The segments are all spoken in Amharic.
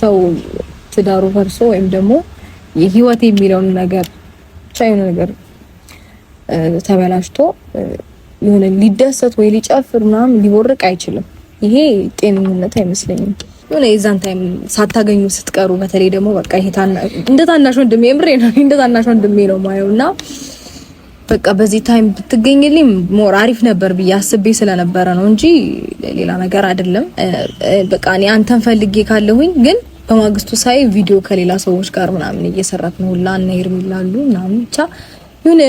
ሰው ትዳሩ ፈርሶ ወይም ደግሞ የህይወት የሚለውን ነገር ብቻ የሆነ ነገር ተበላሽቶ የሆነ ሊደሰት ወይ ሊጨፍር ምናምን ሊቦርቅ አይችልም። ይሄ ጤንነት አይመስለኝም። የሆነ የዛን ታይም ሳታገኙ ስትቀሩ በተለይ ደግሞ በቃ ይሄ እንደ ታናሽ ወንድሜ ምሬ ነው እንደ ታናሽ ወንድሜ ነው ማየውና በቃ በዚህ ታይም ብትገኝልኝ ሞር አሪፍ ነበር ብዬ አስቤ ስለነበረ ነው እንጂ ሌላ ነገር አይደለም። በቃ እኔ አንተን ፈልጌ ካለሁኝ ግን በማግስቱ ሳይ ቪዲዮ ከሌላ ሰዎች ጋር ምናምን እየሰራት ነው ሁላ እና ይርም ይላሉ ምናምን ብቻ የሆነ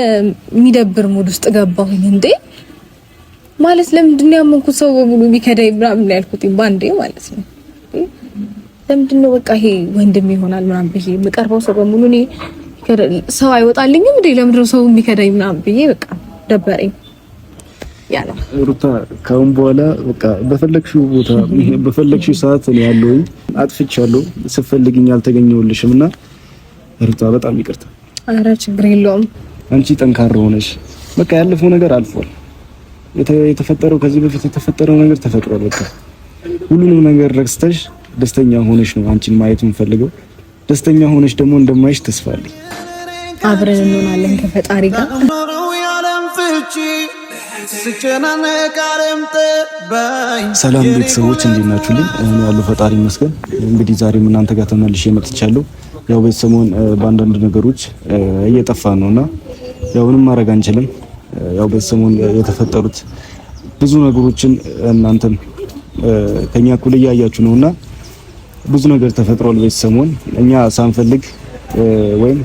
የሚደብር ሙድ ውስጥ ገባሁኝ። እንዴ ማለት ለምንድን ነው ያመንኩት ሰው በሙሉ ቢከዳይ ምናምን ያልኩት ባንዴ ማለት ነው። ለምንድን ነው በቃ ይሄ ወንድም ይሆናል ምናምን ብዬ የምቀርበው ሰው በሙሉ እኔ ሰው አይወጣልኝም እንዴ? ለምንድነው ሰው የሚከዳኝ ምናምን ብዬ በቃ ደበረኝ። ያለ ሩታ ካሁን በኋላ በቃ በፈለግሽው ቦታ በፈለግሽው ሰዓት ነው ያለውኝ። አጥፍቻለሁ፣ ስፈልግኝ አልተገኘሁልሽም እና ሩታ በጣም ይቅርታ። አረ ችግር የለውም። አንቺ ጠንካራ ሆነሽ በቃ ያለፈው ነገር አልፏል። የተፈጠረው ከዚህ በፊት የተፈጠረው ነገር ተፈጥሯል። በቃ ሁሉንም ነገር ረክስተሽ ደስተኛ ሆነሽ ነው አንቺን ማየት የምፈልገው። ደስተኛ ሆነች ደግሞ እንደማይሽ ተስፋ አብረን እንሆናለን ከፈጣሪ ጋር ሰላም ቤተሰቦች እንዴት ናችሁልኝ? እኔ ያለው ፈጣሪ ይመስገን። እንግዲህ ዛሬም እናንተ ጋር ተመልሼ መጥቻለሁ። ያው ቤተሰሞን በአንዳንድ ነገሮች እየጠፋ ነውና ያውንም ማድረግ አንችልም። ያው ቤተሰቦን የተፈጠሩት ብዙ ነገሮችን እናንተም ከኛ እኩል እያያችሁ ነውና ብዙ ነገር ተፈጥሯል። ሰሞን እኛ ሳንፈልግ ወይም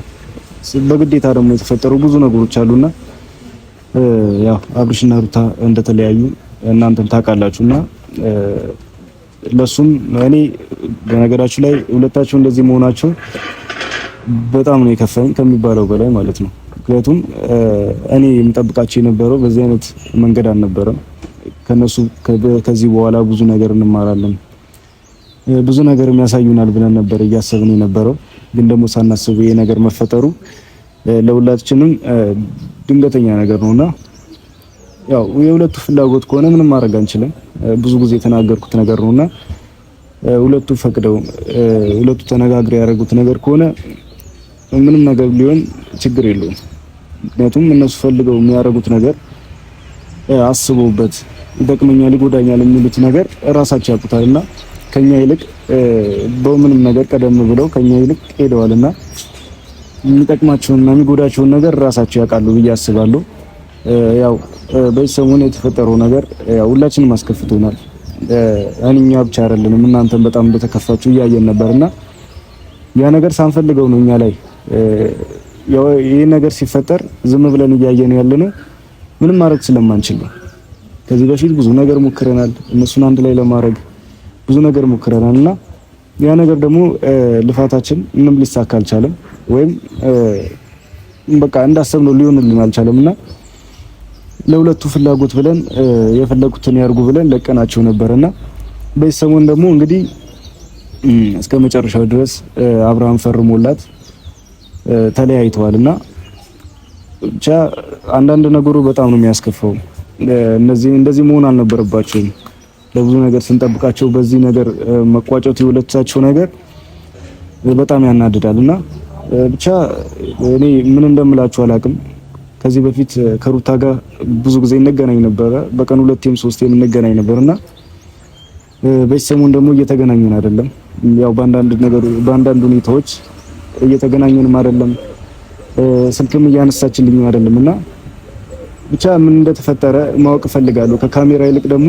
በግዴታ ደግሞ የተፈጠሩ ብዙ ነገሮች አሉና ያው አብርሽና ሩታ እንደተለያዩ እናንተም ታውቃላችሁና ለሱም እኔ በነገራችሁ ላይ ሁለታችሁ እንደዚህ መሆናችሁ በጣም ነው የከፋኝ ከሚባለው በላይ ማለት ነው። ምክንያቱም እኔ የምጠብቃቸው የነበረው በዚህ አይነት መንገድ አልነበረም። ከነሱ ከዚህ በኋላ ብዙ ነገር እንማራለን ብዙ ነገር የሚያሳዩናል ብለን ነበር እያሰብን የነበረው፣ ግን ደግሞ ሳናስቡ ይሄ ነገር መፈጠሩ ለሁላችንም ድንገተኛ ነገር ነውና ያው የሁለቱ ፍላጎት ከሆነ ምንም ማድረግ አንችልም። ብዙ ጊዜ የተናገርኩት ነገር ነውና ሁለቱ ፈቅደው ሁለቱ ተነጋግረው ያደረጉት ነገር ከሆነ ምንም ነገር ሊሆን ችግር የለውም። ምክንያቱም እነሱ ፈልገው የሚያደርጉት ነገር አስበውበት ይጠቅመኛል፣ ይጎዳኛል የሚሉት ነገር እራሳቸው ያውቁታልና ከኛ ይልቅ በምንም ነገር ቀደም ብለው ከኛ ይልቅ ሄደዋልና የሚጠቅማቸውንና የሚጎዳቸውን ነገር ራሳቸው ያውቃሉ ብዬ አስባለሁ። ያው በዚህ ሰሞን የተፈጠረው ነገር ያው ሁላችንም አስከፍቶናል። እኛ ብቻ አይደለንም፣ እናንተም በጣም እንደተከፋችሁ እያየን ነበርና ያ ነገር ሳንፈልገው ነው እኛ ላይ ይህ ነገር ሲፈጠር ዝም ብለን እያየን ያለነው። ምንም ማድረግ ስለማንችል ነው። ከዚህ በፊት ብዙ ነገር ሞክረናል እነሱን አንድ ላይ ለማድረግ ብዙ ነገር ሞክረናል እና ያ ነገር ደግሞ ልፋታችን ምንም ሊሳካ አልቻለም፣ ወይም በቃ እንዳሰብነው ሊሆንልን አልቻለም እና ለሁለቱ ፍላጎት ብለን የፈለጉትን ያርጉ ብለን ለቀናቸው ነበርና በዚህ ሰሞን ደግሞ እንግዲህ እስከ መጨረሻው ድረስ አብርሃም ፈርሞላት ተለያይተዋል እና ብቻ አንዳንድ ነገሩ በጣም ነው የሚያስከፋው። እነዚህ እንደዚህ መሆን አልነበረባቸውም። ለብዙ ነገር ስንጠብቃቸው በዚህ ነገር መቋጨቱ የሁለታቸው ነገር በጣም ያናድዳል እና ብቻ እኔ ምን እንደምላችሁ አላቅም። ከዚህ በፊት ከሩታ ጋር ብዙ ጊዜ እንገናኝ ነበረ። በቀን ሁለቴም ሶስቴም እንገናኝ ነበርና በዚህ ደግሞ እየተገናኘን አይደለም። ያው በአንዳንድ ነገር በአንዳንድ ሁኔታዎች እየተገናኘንም አይደለም። ስልክም እያነሳችልኝ አይደለም እና ብቻ ምን እንደተፈጠረ ማወቅ እፈልጋለሁ ከካሜራ ይልቅ ደግሞ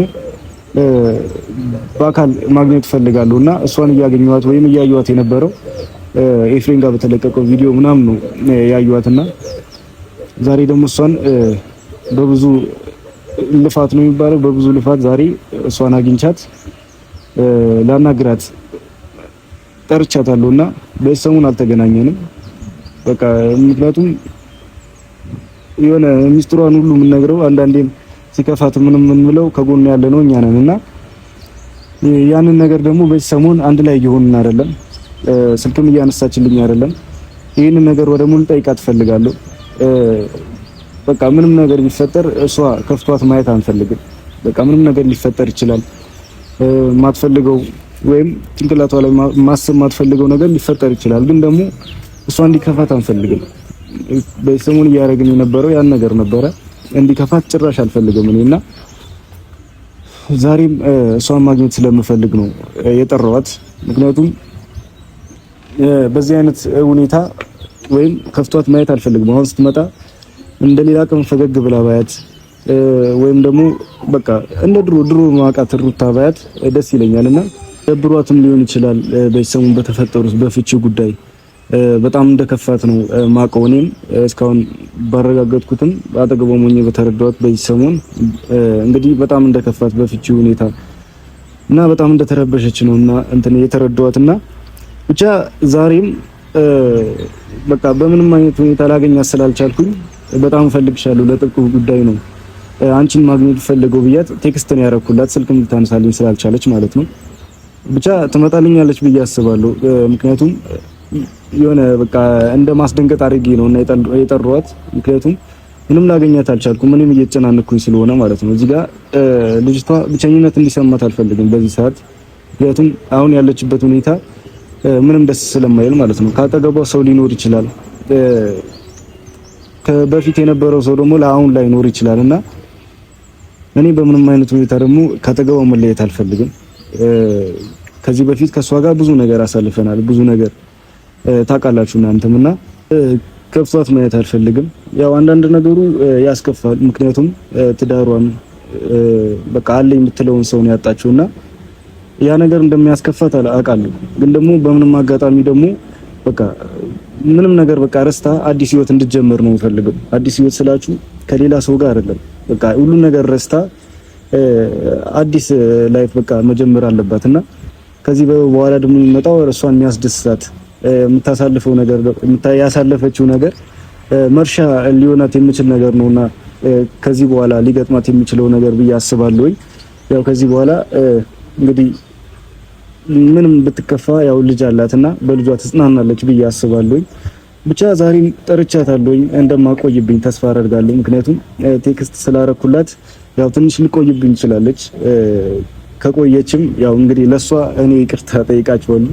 በአካል ማግኘት እፈልጋለሁ እና እሷን እያገኘኋት ወይም እያየኋት የነበረው ኤፍሬም ጋር በተለቀቀው ቪዲዮ ምናምን ነው ያየኋት እና ዛሬ ደግሞ እሷን በብዙ ልፋት ነው የሚባለው፣ በብዙ ልፋት ዛሬ እሷን አግኝቻት ላናግራት ጠርቻታለሁ እና በሰሙን አልተገናኘንም። በቃ ምክንያቱም የሆነ ሚስጥሯን ሁሉ የምነግረው አንዳንዴም ሲከፋት ምንም የምንለው ከጎን ያለ ነው እኛ ነን እና ያንን ነገር ደግሞ በዚህ ሰሞን አንድ ላይ እየሆንን አይደለም፣ ስልክም እያነሳችልኝ አይደለም። ይህንን ነገር ወደ ሙሉ ጠይቃት እፈልጋለሁ። በቃ ምንም ነገር ቢፈጠር እሷ ከፍቷት ማየት አንፈልግም። በቃ ምንም ነገር ሊፈጠር ይችላል። ማትፈልገው ወይም ጭንቅላቷ ላይ ማሰብ ማትፈልገው ነገር ሊፈጠር ይችላል። ግን ደግሞ እሷ እንዲከፋት አንፈልግም። በሰሞን ሰሞን እያደረግን የነበረው ያን ነገር ነበረ። እንዲከፋት ጭራሽ አልፈልግም እኔና ዛሬም እሷን ማግኘት ስለምፈልግ ነው የጠራዋት። ምክንያቱም በዚህ አይነት ሁኔታ ወይም ከፍቷት ማየት አልፈልግም። አሁን ስትመጣ እንደ ሌላ ቀን ፈገግ ብላ ባያት ወይም ደግሞ በቃ እንደ ድሮ ድሮ ማቃት ሩታ ባያት ደስ ይለኛል እና ደብሯትም ሊሆን ይችላል በሰሙን በተፈጠሩት በፍቺ ጉዳይ በጣም እንደከፋት ነው ማቀው። እኔም እስካሁን ባረጋገጥኩትም አጠገቧ ሆኜ በተረዳሁት በዚህ ሰሞን እንግዲህ በጣም እንደከፋት በፍቺ ሁኔታ እና በጣም እንደተረበሸች ነው እና እንትን የተረዳኋት እና ብቻ ዛሬም በቃ በምንም አይነት ሁኔታ ላገኛት ስላልቻልኩኝ በጣም እፈልግሻለሁ፣ ለጥብቅ ጉዳይ ነው አንቺን ማግኘት ፈልገው ብያት ቴክስትን ያረኩላት ስልክም ልታነሳልኝ ስላልቻለች ማለት ነው። ብቻ ትመጣልኛለች ብዬ አስባለሁ ምክንያቱም የሆነ በቃ እንደ ማስደንገጥ አድርጌ ነው እና የጠሯት። ምክንያቱም ምንም ላገኛት አልቻልኩም። ምንም እየተጨናነኩኝ ስለሆነ ማለት ነው። እዚህ ጋር ልጅቷ ብቸኝነት እንዲሰማት አልፈልግም በዚህ ሰዓት። ምክንያቱም አሁን ያለችበት ሁኔታ ምንም ደስ ስለማይል ማለት ነው። ከአጠገቧ ሰው ሊኖር ይችላል፣ በፊት የነበረው ሰው ደግሞ ለአሁን ላይኖር ይችላል እና እኔ በምንም አይነት ሁኔታ ደግሞ ከአጠገቧ መለየት አልፈልግም። ከዚህ በፊት ከእሷ ጋር ብዙ ነገር አሳልፈናል፣ ብዙ ነገር ታውቃላችሁ እናንተም እና ከብቷት ማየት አልፈልግም። ያው አንዳንድ ነገሩ ያስከፋል። ምክንያቱም ትዳሯን በቃ አለኝ የምትለውን ሰውን ያጣችውና ያ ነገር እንደሚያስከፋት አውቃለሁ። ግን ደግሞ በምንም አጋጣሚ ደግሞ በቃ ምንም ነገር በቃ ረስታ አዲስ ህይወት እንድትጀምር ነው የምፈልገው። አዲስ ህይወት ስላችሁ ከሌላ ሰው ጋር አይደለም። በቃ ሁሉ ነገር ረስታ አዲስ ላይፍ በቃ መጀመር አለባት እና ከዚህ በኋላ ደግሞ የሚመጣው እሷን የሚያስደስታት የምታሳልፈው ነገር ያሳለፈችው ነገር መርሻ ሊሆናት የሚችል ነገር ነውና ከዚህ በኋላ ሊገጥማት የሚችለው ነገር ብዬ አስባለሁ። ያው ከዚህ በኋላ እንግዲህ ምንም ብትከፋ ያው ልጅ አላትና በልጇ ትጽናናለች ብዬ አስባለሁ። ብቻ ዛሬም ጠርቻታለሁኝ እንደማቆይብኝ ተስፋ አደርጋለሁ። ምክንያቱም ቴክስት ስላረኩላት ያው ትንሽ ልቆይብኝ ትችላለች። ከቆየችም ያው እንግዲህ ለሷ እኔ ይቅርታ ጠይቃችኋለሁ።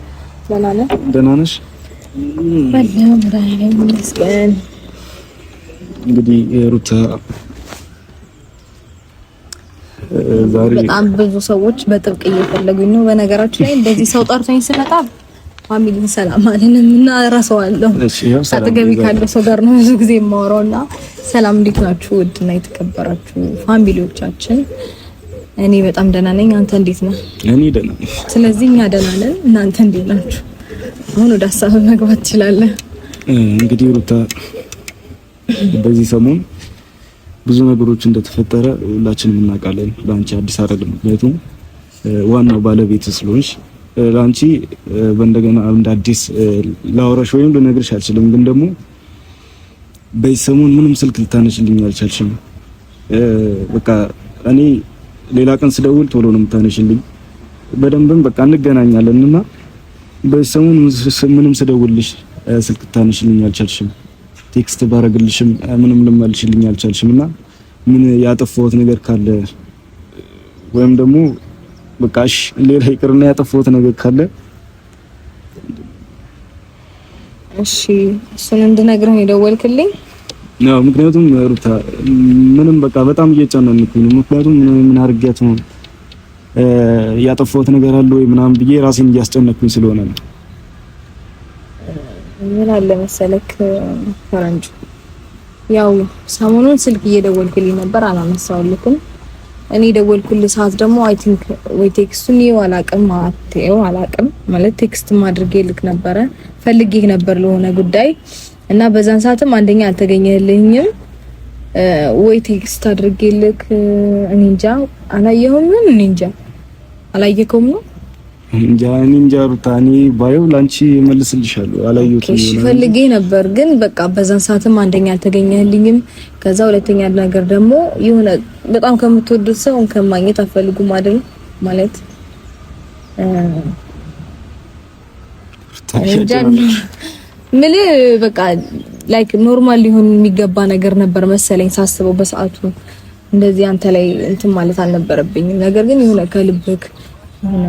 ደህና ነሽ? እንግዲህ ሩታ ዛሬ በጣም ብዙ ሰዎች በጥብቅ እየፈለጉኝ ነው። በነገራችን ላይ እንደዚህ ሰው ጠርቶኝ ስመጣ ፋሚሊን ሰላም አለንም እና እረሳዋለሁ። አጠገቢ ካለው ሰው ጋር ነው ብዙ ጊዜ የማወራው እና ሰላም፣ እንዴት ናችሁ? ውድና የተከበራችሁ ፋሚሊዎቻችን እኔ በጣም ደህና ነኝ። አንተ እንዴት ነህ? እኔ ደህና ነኝ። ስለዚህ እኛ ደህና ነን፣ እናንተ እንዴት ናችሁ? አሁን ወደ ሀሳብ መግባት ትችላለህ። እንግዲህ ሩታ በዚህ ሰሞን ብዙ ነገሮች እንደተፈጠረ ሁላችንም እናውቃለን። ለአንቺ አዲስ አይደለም፣ ምክንያቱም ዋናው ባለቤት ስለሆንሽ ለአንቺ በእንደገና እንደ አዲስ ላወራሽ ወይም ልነግርሽ አልችልም። ግን ደግሞ በዚህ ሰሞን ምንም ስልክ ልታነሽልኝ አልቻልሽም። በቃ እኔ ሌላ ቀን ስደውል ቶሎ ነው የምታነሽልኝ። በደንብም በቃ እንገናኛለን እና በሰሙን ምንም ስደውልሽ ስልክ ታነሽልኝ አልቻልሽም፣ ቴክስት ባረግልሽም ምንም ልመልሽልኝ አልቻልሽም እና ምን ያጠፋሁት ነገር ካለ ወይም ደግሞ በቃ እሺ ሌላ ይቅርና ያጠፋሁት ነገር ካለ እሺ እሱን እንድነግርህ የደወልክልኝ ነው። ምክንያቱም ሩታ ምንም በቃ በጣም እየጨነንኩኝ ነው። ምክንያቱም ምን ምን አድርጌያት ነው ያጠፋሁት ነገር አለ ወይ ምናምን ብዬ ራሴን እያስጨነኩኝ ስለሆነ ነው። ምን አለ መሰለክ ፈረንጁ፣ ያው ሰሞኑን ስልክ እየደወልክልኝ ነበር፣ አላነሳሁልክም። እኔ ደወልኩልህ ሰዓት ደግሞ አይ ቲንክ ወይ ቴክስቱን ይኸው አላቅም አትይው አላቅም ማለት ቴክስት ማድርጌ ልክ ነበረ ፈልጌህ ነበር ለሆነ ጉዳይ እና በዛን ሰዓትም አንደኛ አልተገኘልኝም ወይ ቴክስት አድርጌልክ እኔ እንጃ አላየሁም። እኔ እንጃ አላየከውም ነው እንጃ እኔ እንጃ። ሩታ እኔ ባየው ላንቺ መልስልሻለሁ። አላየሁትም። እሺ ፈልጌ ነበር ግን በቃ በዛን ሰዓትም አንደኛ አልተገኘልኝም። ከዛ ሁለተኛ ነገር ደግሞ የሆነ በጣም ከምትወዱት ሰው ከማግኘት አፈልጉም አይደል ማለት እ ምል በቃ ላይክ ኖርማል ሊሆን የሚገባ ነገር ነበር መሰለኝ ሳስበው በሰዓቱ እንደዚህ አንተ ላይ እንትን ማለት አልነበረብኝም። ነገር ግን የሆነ ከልብክ የሆነ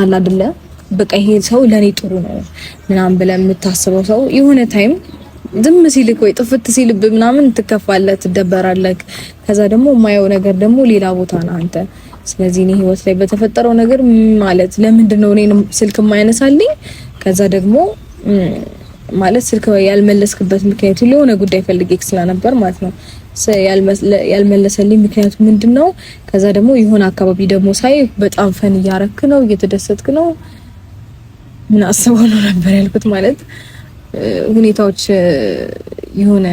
አለ አይደለ በቃ ይሄ ሰው ለኔ ጥሩ ነው ምናምን ብለህ የምታስበው ሰው የሆነ ታይም ዝም ሲልክ ወይ ጥፍት ሲልብ ምናምን ትከፋለህ፣ ትደበራለህ። ከዛ ደግሞ የማየው ነገር ደግሞ ሌላ ቦታ ነው አንተ። ስለዚህ እኔ ህይወት ላይ በተፈጠረው ነገር ማለት ለምንድን ነው እኔ ስልክ የማያነሳልኝ? ከዛ ደግሞ ማለት ስልክ ያልመለስክበት ምክንያቱ የሆነ ጉዳይ ፈልጌክ ስለነበር ማለት ነው። ያልመለሰልኝ ምክንያቱ ምንድን ነው? ከዛ ደግሞ የሆነ አካባቢ ደግሞ ሳይ በጣም ፈን እያረክ ነው፣ እየተደሰትክ ነው። ምን አስበው ነው ነበር ያልኩት። ማለት ሁኔታዎች የሆነ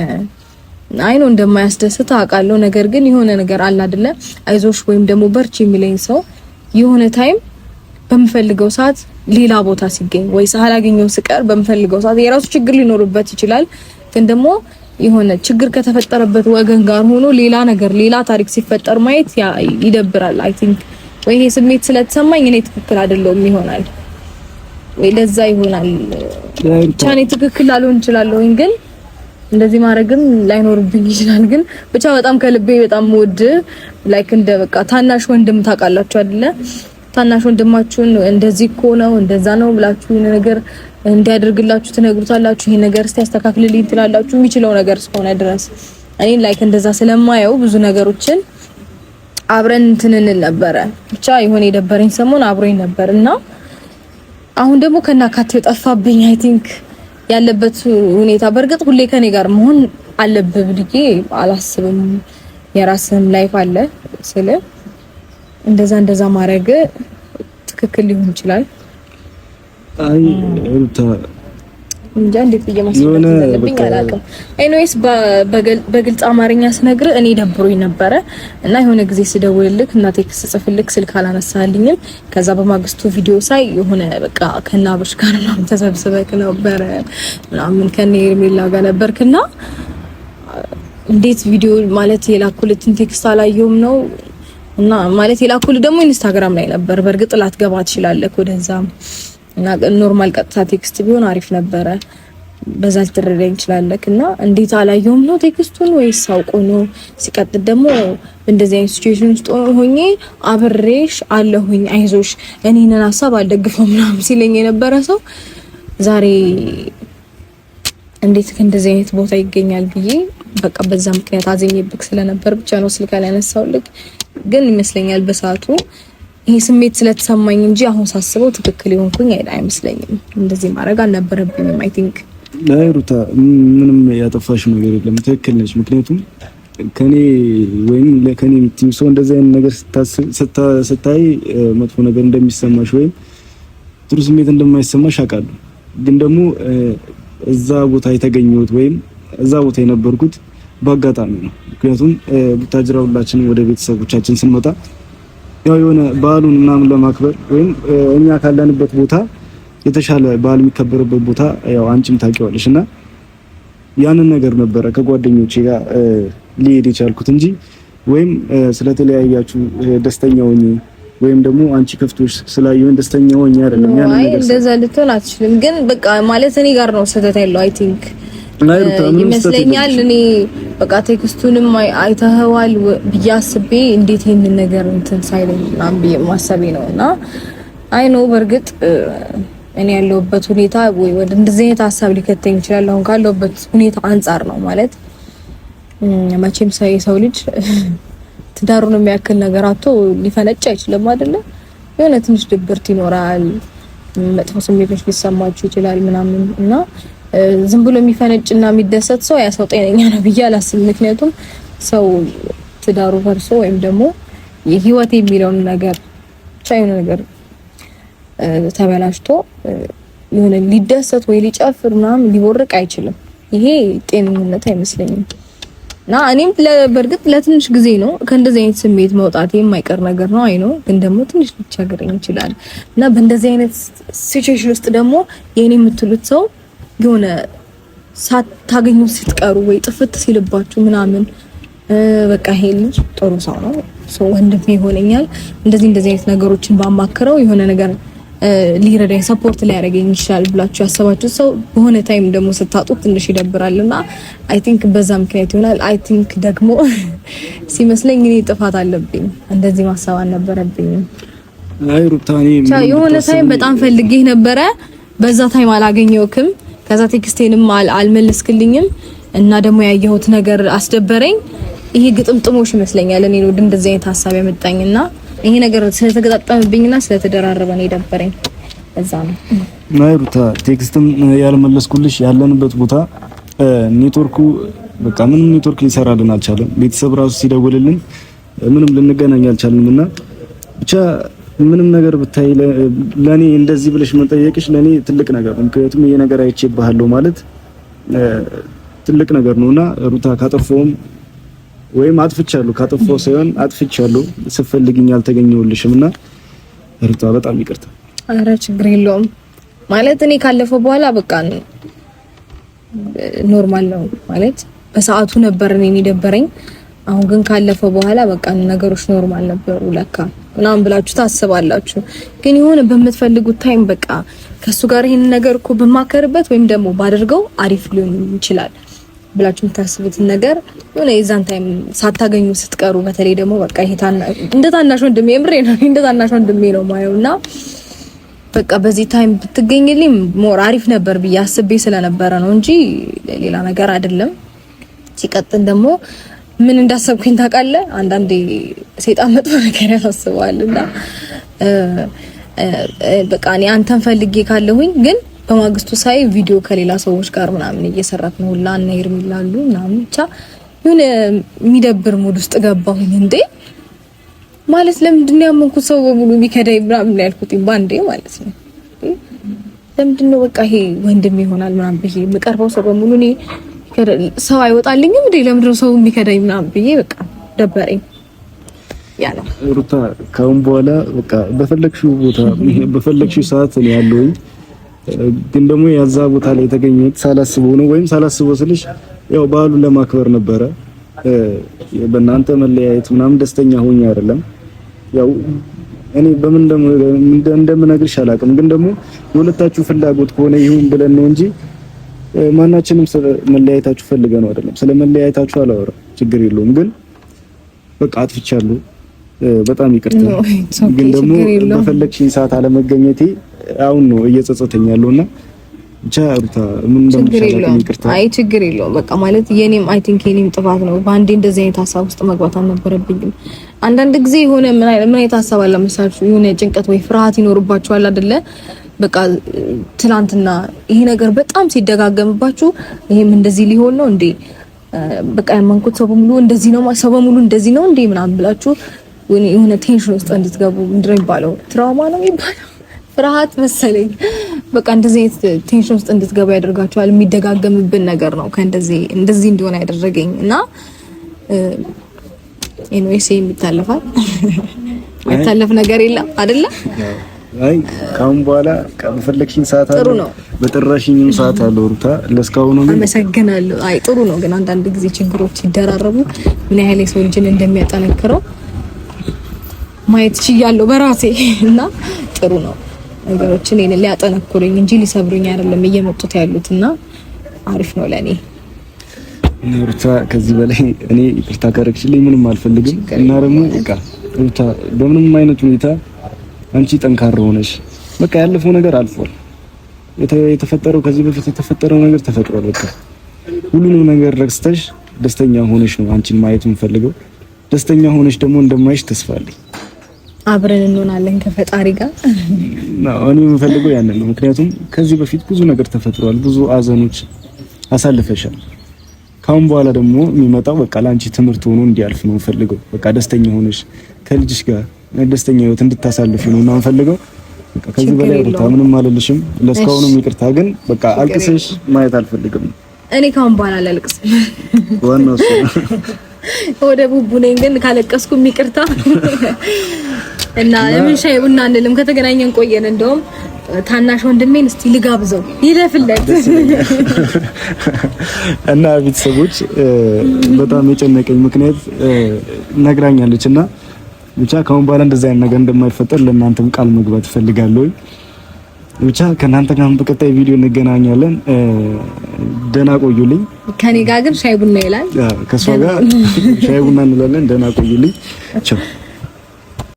አይኖ እንደማያስደስት አውቃለሁ። ነገር ግን የሆነ ነገር አለ አይደለ፣ አይዞሽ ወይም ደግሞ በርቺ የሚለኝ ሰው የሆነ ታይም በምፈልገው ሰዓት ሌላ ቦታ ሲገኝ ወይ ሳላገኘው ስቀር በምፈልገው ሰዓት የራሱ ችግር ሊኖርበት ይችላል። ግን ደግሞ የሆነ ችግር ከተፈጠረበት ወገን ጋር ሆኖ ሌላ ነገር ሌላ ታሪክ ሲፈጠር ማየት ይደብራል። አይ ቲንክ ወይ ይሄ ስሜት ስለተሰማኝ እኔ ትክክል አይደለሁም ይሆናል ወይ ለዛ ይሆናል ብቻ እኔ ትክክል ላልሆን እችላለሁ። ግን እንደዚህ ማድረግም ላይኖርብኝ ይችላል። ግን ብቻ በጣም ከልቤ በጣም ወድ ላይክ እንደ በቃ ታናሽ ወንድም ታውቃላችሁ አይደለ ታናሽ ወንድማችሁን እንደዚህ እኮ ነው እንደዛ ነው ብላችሁ ይሄን ነገር እንዲያደርግላችሁ ትነግሩታላችሁ። ይሄ ነገር እስቲ ያስተካክልልኝ ትላላችሁ የሚችለው ነገር እስከሆነ ድረስ። እኔ ላይክ እንደዛ ስለማየው ብዙ ነገሮችን አብረን እንትን እንል ነበረ። ብቻ የሆነ የደበረኝ ሰሞን አብሮኝ ነበር እና አሁን ደግሞ ከናካቴው ጠፋብኝ። አይ ቲንክ ያለበት ሁኔታ በእርግጥ ሁሌ ከኔ ጋር መሆን አለብህ ብዬ አላስብም። የራስህም ላይፍ አለ ስለ እንደዛ እንደዛ ማድረግ ትክክል ሊሆን ይችላል። አይ ሩታ እንጃ እንዴት አላውቅም። ኤኒዌይስ በግልጽ አማርኛ ስነግር እኔ ደብሮኝ ነበረ እና የሆነ ጊዜ ስደውልልክ እና ቴክስት ጽፍልክ ስልክ አላነሳልኝም። ከዛ በማግስቱ ቪዲዮ ሳይ የሆነ በቃ ከና አብርሽ ጋር ነው ተሰብስበክ ነበረ ምናምን ከኔ ሄርሜላ ጋር ነበርክና እንዴት ቪዲዮ ማለት የላኩልትን ቴክስት አላየውም ነው እና ማለት የላኩል ደግሞ ኢንስታግራም ላይ ነበር። በእርግጥ ላትገባ ትችላለህ ወደዛ እና ኖርማል ቀጥታ ቴክስት ቢሆን አሪፍ ነበረ። በዛ ልትረዳኝ ትችላለህ። እና እንዴት አላየሁም ነው ቴክስቱን ወይስ አውቆ ነው? ሲቀጥል ደግሞ እንደዚህ አይነት ሲቹዌሽን ውስጥ ሆኜ አብሬሽ አለሁኝ አይዞሽ፣ እኔንን ሀሳብ አልደግፈውም ምናምን ሲለኝ የነበረ ሰው ዛሬ እንዴት እንደዚህ አይነት ቦታ ይገኛል ብዬ በቃ በዛ ምክንያት አዘኝብክ ስለነበር ብቻ ነው ስልክ ያላነሳሁልክ። ግን ይመስለኛል በሰዓቱ ይሄ ስሜት ስለተሰማኝ እንጂ አሁን ሳስበው ትክክል የሆንኩኝ አይመስለኝም። እንደዚህ ማድረግ አልነበረብኝም። አይ ቲንክ ሩታ ምንም ያጠፋሽ ነገር የለም፣ ትክክል ነች። ምክንያቱም ከኔ ወይም ለከኔ የምትይው ሰው እንደዚህ አይነት ነገር ስታይ መጥፎ ነገር እንደሚሰማሽ ወይም ጥሩ ስሜት እንደማይሰማሽ አውቃለሁ። ግን ደግሞ እዛ ቦታ የተገኘሁት ወይም እዛ ቦታ የነበርኩት በአጋጣሚ ነው። ምክንያቱም ቡታጅራ ሁላችንም ወደ ቤተሰቦቻችን ስንመጣ ያው የሆነ በዓሉን ምናምን ለማክበር ወይም እኛ ካለንበት ቦታ የተሻለ በዓል የሚከበርበት ቦታ ያው አንቺም ታውቂዋለሽ እና ያንን ነገር ነበረ ከጓደኞቼ ጋር ሊሄድ የቻልኩት እንጂ ወይም ስለተለያያችሁ ደስተኛ ሆኜ ወይም ደግሞ አንቺ ከፍቶሽ ስላየሁኝ ደስተኛ ሆኜ አይደለም። ያንን ነገር እንደዛ ልትሆን አትችልም። ግን በቃ ማለት እኔ ጋር ነው ስህተት ያለው አይ ቲንክ ይመስለኛል እኔ በቃ ቴክስቱንም አይተኸዋል ብዬ አስቤ እንዴት ይህንን ነገር እንትን ሳይለኝ ምናምን ብዬ ማሰቤ ነው እና አይ ነው በእርግጥ እኔ ያለሁበት ሁኔታ ወይ ወደ እንደዚህ አይነት ሀሳብ ሊከተኝ ይችላል። አሁን ካለሁበት ሁኔታ አንጻር ነው ማለት መቼም ሰው የሰው ልጅ ትዳሩን የሚያክል ነገር አቶ ሊፈነጭ አይችልም አይደለ? የሆነ ትንሽ ድብርት ይኖራል፣ መጥፎ ስሜቶች ሊሰማችሁ ይችላል ምናምን እና ዝም ብሎ የሚፈነጭና የሚደሰት ሰው ያ ሰው ጤነኛ ነው ብዬ አላስብም። ምክንያቱም ሰው ትዳሩ ፈርሶ ወይም ደግሞ የህይወት የሚለውን ነገር ብቻ የሆነ ነገር ተበላሽቶ የሆነ ሊደሰት ወይ ሊጨፍር ምናምን ሊቦርቅ አይችልም። ይሄ ጤንነት አይመስለኝም። እና እኔም በእርግጥ ለትንሽ ጊዜ ነው ከእንደዚህ አይነት ስሜት መውጣት የማይቀር ነገር ነው። አይ ነው ግን ደግሞ ትንሽ ሊቸግረኝ ይችላል እና በእንደዚህ አይነት ሲቹዌሽን ውስጥ ደግሞ የኔ የምትሉት ሰው የሆነ ሳታገኙ ስትቀሩ ወይ ጥፍት ሲልባችሁ ምናምን በቃ ይሄ ልጅ ጥሩ ሰው ነው፣ ወንድም ይሆነኛል፣ እንደዚህ እንደዚህ አይነት ነገሮችን ባማክረው የሆነ ነገር ሊረዳኝ ሰፖርት ሊያደርገኝ ይችላል ብላችሁ ያሰባችሁት ሰው በሆነ ታይም ደግሞ ስታጡት ትንሽ ይደብራል እና አይ ቲንክ በዛ ምክንያት ይሆናል። አይ ቲንክ ደግሞ ሲመስለኝ እኔ ጥፋት አለብኝ፣ እንደዚህ ማሰብ አልነበረብኝም። የሆነ ታይም በጣም ፈልጌህ ነበረ፣ በዛ ታይም አላገኘውክም ከዛ ቴክስቴንም አልመለስክልኝም እና ደግሞ ያየሁት ነገር አስደበረኝ። ይሄ ግጥምጥሞሽ ይመስለኛል እኔ ነው እንደዚህ አይነት ሀሳብ ያመጣኝና ይሄ ነገር ስለተገጣጠመብኝና ስለተደራረበ ነው የደበረኝ። እዛ ነው ናይሩታ ቴክስትም ያልመለስኩልሽ ያለንበት ቦታ ኔትወርኩ በቃ ምንም ኔትወርክ ሊሰራልን አልቻለም። ቤተሰብ ራሱ ሲደውልልን ምንም ልንገናኝ አልቻልንም እና ብቻ ምንም ነገር ብታይ ለኔ እንደዚህ ብለሽ መጠየቅሽ ለኔ ትልቅ ነገር ነው። ምክንያቱም ይሄ ነገር አይቼብሃለሁ ማለት ትልቅ ነገር ነውና ሩታ ካጠፋውም ወይም አጥፍቻለሁ ካጠፋው ሳይሆን አጥፍቻለሁ፣ ስፈልግኝ አልተገኘሁልሽም ሩታ በጣም ይቅርታ። አረ ችግር የለውም ማለት እኔ ካለፈው በኋላ በቃ ኖርማል ነው ማለት በሰዓቱ ነበር እኔ የደበረኝ። አሁን ግን ካለፈው በኋላ በቃ ነገሮች ኖርማል ነበሩ ለካ ምናምን ብላችሁ ታስባላችሁ። ግን የሆነ በምትፈልጉት ታይም በቃ ከሱ ጋር ይሄን ነገር እኮ በማከርበት ወይም ደግሞ ባደርገው አሪፍ ሊሆን ይችላል ብላችሁ የምታስቡትን ነገር የሆነ የዛን ታይም ሳታገኙ ስትቀሩ፣ በተለይ ደግሞ በቃ ይሄ እንደ ታናሽ ወንድሜ ምሬ ነው እንደ ታናሽ ወንድሜ ነው ማየው እና በቃ በዚህ ታይም ብትገኝልኝ ሞር አሪፍ ነበር ብዬ አስቤ ስለነበረ ነው እንጂ ሌላ ነገር አይደለም። ሲቀጥል ደግሞ ምን እንዳሰብኩኝ ታውቃለህ? አንዳንዴ ሴጣን መጥፎ ነገር ያሳስበዋል እና በቃ እኔ አንተን ፈልጌ ካለሁኝ ግን በማግስቱ ሳይ ቪዲዮ ከሌላ ሰዎች ጋር ምናምን እየሰራት ነው ሁላ እና ይርሚላሉ ምናምን ብቻ ይሁን የሚደብር ሙድ ውስጥ ገባሁኝ። እንዴ ማለት ለምንድን ያመንኩት ሰው በሙሉ የሚከዳኝ ምናምን ያልኩት ባንዴ ማለት ነው። ለምንድን ነው በቃ ይሄ ወንድም ይሆናል ምናምን ብዬ የምቀርበው ሰው በሙሉ እኔ ሰው አይወጣልኝም እንዴ? ለምንድነው ሰው የሚከዳኝ ምናምን ብዬ በቃ ደበረኝ። ያለው ሩታ ካሁን በኋላ በቃ በፈለግሽው ቦታ በፈለግሽው ሰዓት ነው ያለውኝ። ግን ደግሞ ያዛ ቦታ ላይ የተገኘሁት ሳላስበው ነው ወይም ሳላስበው ስልሽ ያው በዓሉን ለማክበር ነበረ። በእናንተ መለያየት ምናምን ደስተኛ ሆኜ አይደለም። ያው እኔ በምን እንደምነግርሽ አላውቅም። ግን ደግሞ የሁለታችሁ ፍላጎት ከሆነ ይሁን ብለን ነው እንጂ ማናችንም ስለመለያየታችሁ ፈልገ ነው አይደለም። ስለመለያየታችሁ አላወራም፣ ችግር የለውም። ግን በቃ አጥፍቻለሁ፣ በጣም ይቅርታ። ግን ደግሞ በፈለግሽኝ ሰዓት አለመገኘቴ አሁን ነው እየጸጸተኝ ያለውና ብቻ ሩታ ምን ይቅርታ። አይ ችግር የለውም በቃ ማለት የኔም አይ ቲንክ የኔም ጥፋት ነው። በአንዴ እንደዚህ አይነት ሀሳብ ውስጥ መግባት አልነበረብኝም። አንዳንድ ጊዜ የሆነ ምን አይነት ሀሳብ አለ መሰላችሁ የሆነ ጭንቀት ወይ ፍርሃት ይኖርባችኋል አይደለ? በቃ ትላንትና ይሄ ነገር በጣም ሲደጋገምባችሁ ይሄም እንደዚህ ሊሆን ነው እንዴ በቃ ያመንኩት ሰው በሙሉ እንደዚህ ነው፣ ሰው በሙሉ እንደዚህ ነው እንዴ ምናምን ብላችሁ የሆነ ቴንሽን ውስጥ እንድትገቡ ምንድነው የሚባለው? ትራውማ ነው የሚባለው ፍርሃት መሰለኝ። በቃ እንደዚህ አይነት ቴንሽን ውስጥ እንድትገባ ያደርጋችኋል። የሚደጋገምብን ነገር ነው ከእንደዚህ እንደዚህ እንዲሆን ያደረገኝ እና ኤንዌሴ የሚታለፋል የሚታለፍ ነገር የለም አይደለም አይ ካሁን በኋላ በፈለግሽኝ ሰዓት አለ፣ በጠራሽኝም ሰዓት አለ። ሩታ ነው አመሰግናለሁ። አይ ጥሩ ነው፣ ግን አንዳንድ ጊዜ ችግሮች ሲደራረቡ ምን ያህል የሰው ልጅን እንደሚያጠነክረው ማየት ችያለሁ በራሴ እና ጥሩ ነው። ነገሮችን እኔ ሊያጠነክሩኝ እንጂ ሊሰብሩኝ አይደለም እየመጡት ያሉት እና አሪፍ ነው ለኔ። ሩታ ከዚህ በላይ እኔ ይቅርታ ካረግሽልኝ ምንም አልፈልግም እና ደግሞ በቃ ሩታ በምንም አይነት ሁኔታ አንቺ ጠንካራ ሆነሽ በቃ ያለፈው ነገር አልፏል። የተፈጠረው ከዚህ በፊት የተፈጠረው ነገር ተፈጥሯል። በቃ ሁሉንም ነገር ረክስተሽ ደስተኛ ሆነሽ ነው አንቺን ማየት የምፈልገው። ደስተኛ ሆነሽ ደግሞ እንደማይሽ ተስፋለኝ። አብረን እንሆናለን ከፈጣሪ ጋር ነው። እኔ የምፈልገው ያንን ነው። ምክንያቱም ከዚህ በፊት ብዙ ነገር ተፈጥሯል። ብዙ አዘኖች አሳልፈሻል። ካሁን በኋላ ደግሞ የሚመጣው በቃ ለአንቺ ትምህርት ሆኖ እንዲያልፍ ነው የምፈልገው። በቃ ደስተኛ ሆነሽ ከልጅሽ ጋር ደስተኛ ህይወት እንድታሳልፊ ነው እና እንፈልገው ከዚህ በላይ ቦታ ምንም አልልሽም። ለእስካሁንም ይቅርታ ግን በቃ አልቅስሽ ማየት አልፈልግም። እኔ ካሁን በኋላ አላልቅስ። ዋናው እሱ ወደ ቡቡ ነኝ፣ ግን ካለቀስኩም ይቅርታ እና ለምን ሻይ ቡና አንልም? ከተገናኘን ቆየን። እንደውም ታናሽ ወንድሜን እስቲ ልጋብዘው ይለፍለት እና ቤተሰቦች በጣም የጨነቀኝ ምክንያት ነግራኛለች እና ብቻ ከአሁን በኋላ እንደዛ አይነት ነገር እንደማይፈጠር ለእናንተም ቃል መግባት እፈልጋለሁ። ብቻ ከእናንተ ጋር በቀጣይ ቪዲዮ እንገናኛለን። ደህና ቆዩልኝ። ከኔ ጋር ግን ሻይ ቡና ይላል። ከእሷ ጋር ሻይ ቡና እንላለን። ደህና ቆዩልኝ። ቻው